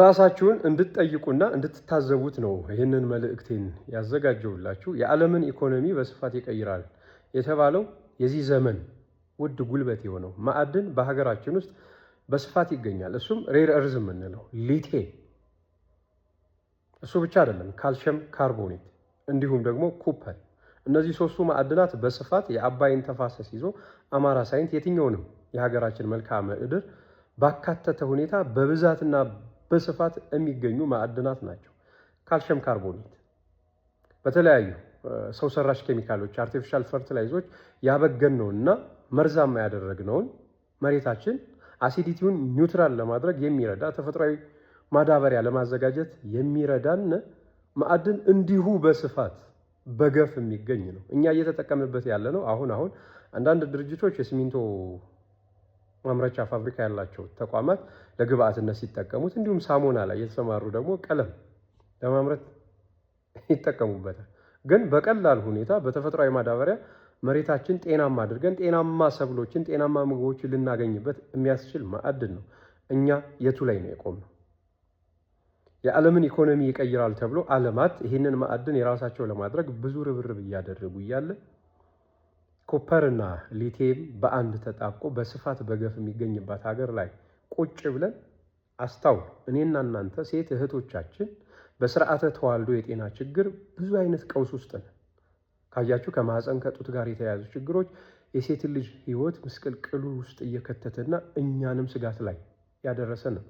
ራሳችሁን እንድትጠይቁና እንድትታዘቡት ነው ይህንን መልእክቴን ያዘጋጀውላችሁ። የዓለምን ኢኮኖሚ በስፋት ይቀይራል የተባለው የዚህ ዘመን ውድ ጉልበት የሆነው ማዕድን በሀገራችን ውስጥ በስፋት ይገኛል። እሱም ሬር እርዝ የምንለው ሊቴ። እሱ ብቻ አይደለም፣ ካልሽየም ካርቦኔት እንዲሁም ደግሞ ኩፐር። እነዚህ ሶስቱ ማዕድናት በስፋት የአባይን ተፋሰስ ይዞ አማራ ሳይንት የትኛውንም የሀገራችን መልክዓ ምድር ባካተተ ሁኔታ በብዛትና በስፋት የሚገኙ ማዕድናት ናቸው። ካልሽየም ካርቦኔት በተለያዩ ሰው ሰራሽ ኬሚካሎች፣ አርቲፊሻል ፈርቲላይዞች እና መርዛማ ያደረግነውን መሬታችን አሲዲቲውን ኒውትራል ለማድረግ የሚረዳ ተፈጥሯዊ ማዳበሪያ ለማዘጋጀት የሚረዳን ማዕድን እንዲሁ በስፋት በገፍ የሚገኝ ነው። እኛ እየተጠቀምበት ያለ ነው። አሁን አሁን አንዳንድ ድርጅቶች የሲሚንቶ ማምረቻ ፋብሪካ ያላቸው ተቋማት ለግብአትነት ሲጠቀሙት፣ እንዲሁም ሳሙና ላይ የተሰማሩ ደግሞ ቀለም ለማምረት ይጠቀሙበታል። ግን በቀላል ሁኔታ በተፈጥሯዊ ማዳበሪያ መሬታችን ጤናማ አድርገን ጤናማ ሰብሎችን፣ ጤናማ ምግቦችን ልናገኝበት የሚያስችል ማዕድን ነው። እኛ የቱ ላይ ነው የቆምነው? የዓለምን ኢኮኖሚ ይቀይራል ተብሎ ዓለማት ይህንን ማዕድን የራሳቸው ለማድረግ ብዙ ርብርብ እያደረጉ እያለ ኮፐርና ሊቴም በአንድ ተጣብቆ በስፋት በገፍ የሚገኝባት ሀገር ላይ ቁጭ ብለን አስታውል። እኔና እናንተ ሴት እህቶቻችን በስርዓተ ተዋልዶ የጤና ችግር ብዙ አይነት ቀውስ ውስጥ ነን። ካያችሁ ከማህፀን ከጡት ጋር የተያያዙ ችግሮች የሴት ልጅ ህይወት ምስቅልቅሉ ውስጥ እየከተተና እኛንም ስጋት ላይ ያደረሰ ነው።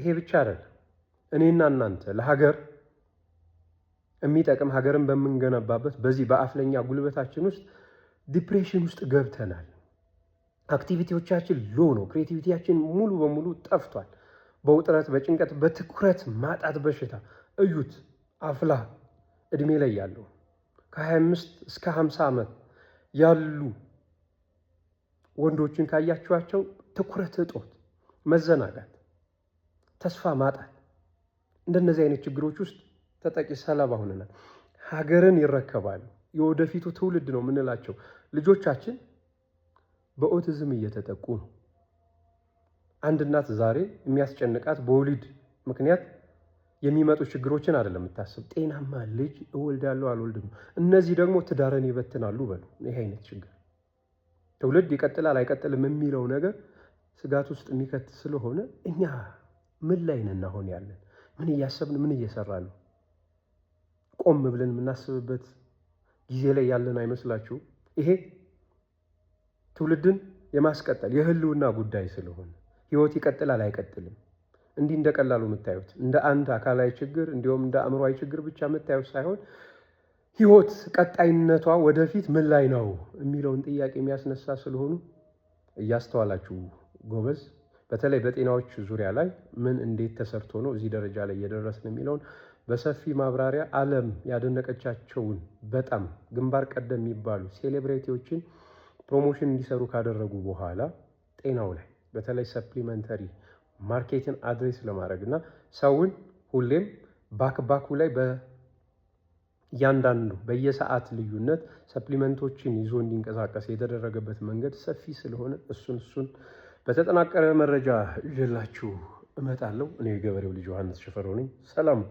ይሄ ብቻ አይደለም። እኔና እናንተ ለሀገር የሚጠቅም ሀገርን በምንገነባበት በዚህ በአፍለኛ ጉልበታችን ውስጥ ዲፕሬሽን ውስጥ ገብተናል። አክቲቪቲዎቻችን ሎ ነው። ክሬቲቪቲያችን ሙሉ በሙሉ ጠፍቷል። በውጥረት፣ በጭንቀት፣ በትኩረት ማጣት በሽታ እዩት። አፍላ እድሜ ላይ ያለው ከ25 እስከ 50 ዓመት ያሉ ወንዶችን ካያችኋቸው ትኩረት እጦት፣ መዘናጋት፣ ተስፋ ማጣት እንደነዚህ አይነት ችግሮች ውስጥ ተጠቂ ሰለባ ሆነናል። ሀገርን ይረከባሉ። የወደፊቱ ትውልድ ነው የምንላቸው ልጆቻችን በኦቲዝም እየተጠቁ ነው። አንድ እናት ዛሬ የሚያስጨንቃት በወሊድ ምክንያት የሚመጡ ችግሮችን አይደለም የምታስብ፣ ጤናማ ልጅ እወልዳለሁ አልወልድም። እነዚህ ደግሞ ትዳርን ይበትናሉ። በሉ ይህ አይነት ችግር ትውልድ ይቀጥላል አይቀጥልም የሚለው ነገር ስጋት ውስጥ የሚከት ስለሆነ እኛ ምን ላይ ነን አሁን ያለን? ምን እያሰብን ምን እየሰራን ነው? ቆም ብለን የምናስብበት ጊዜ ላይ ያለን አይመስላችሁ? ይሄ ትውልድን የማስቀጠል የህልውና ጉዳይ ስለሆነ ህይወት ይቀጥላል አይቀጥልም፣ እንዲህ እንደ ቀላሉ የምታዩት እንደ አንድ አካላዊ ችግር እንዲሁም እንደ አእምሯዊ ችግር ብቻ የምታዩት ሳይሆን ህይወት ቀጣይነቷ ወደፊት ምን ላይ ነው የሚለውን ጥያቄ የሚያስነሳ ስለሆኑ እያስተዋላችሁ ጎበዝ። በተለይ በጤናዎች ዙሪያ ላይ ምን እንዴት ተሰርቶ ነው እዚህ ደረጃ ላይ እየደረስን የሚለውን በሰፊ ማብራሪያ ዓለም ያደነቀቻቸውን በጣም ግንባር ቀደም የሚባሉ ሴሌብሬቲዎችን ፕሮሞሽን እንዲሰሩ ካደረጉ በኋላ ጤናው ላይ በተለይ ሰፕሊመንተሪ ማርኬትን አድሬስ ለማድረግ እና ሰውን ሁሌም ባክባኩ ላይ በእያንዳንዱ በየሰዓት ልዩነት ሰፕሊመንቶችን ይዞ እንዲንቀሳቀስ የተደረገበት መንገድ ሰፊ ስለሆነ እሱን እሱን በተጠናቀረ መረጃ ይዤላችሁ እመጣለሁ። እኔ የገበሬው ልጅ ዮሐንስ ሽፈሮ ነኝ። ሰላም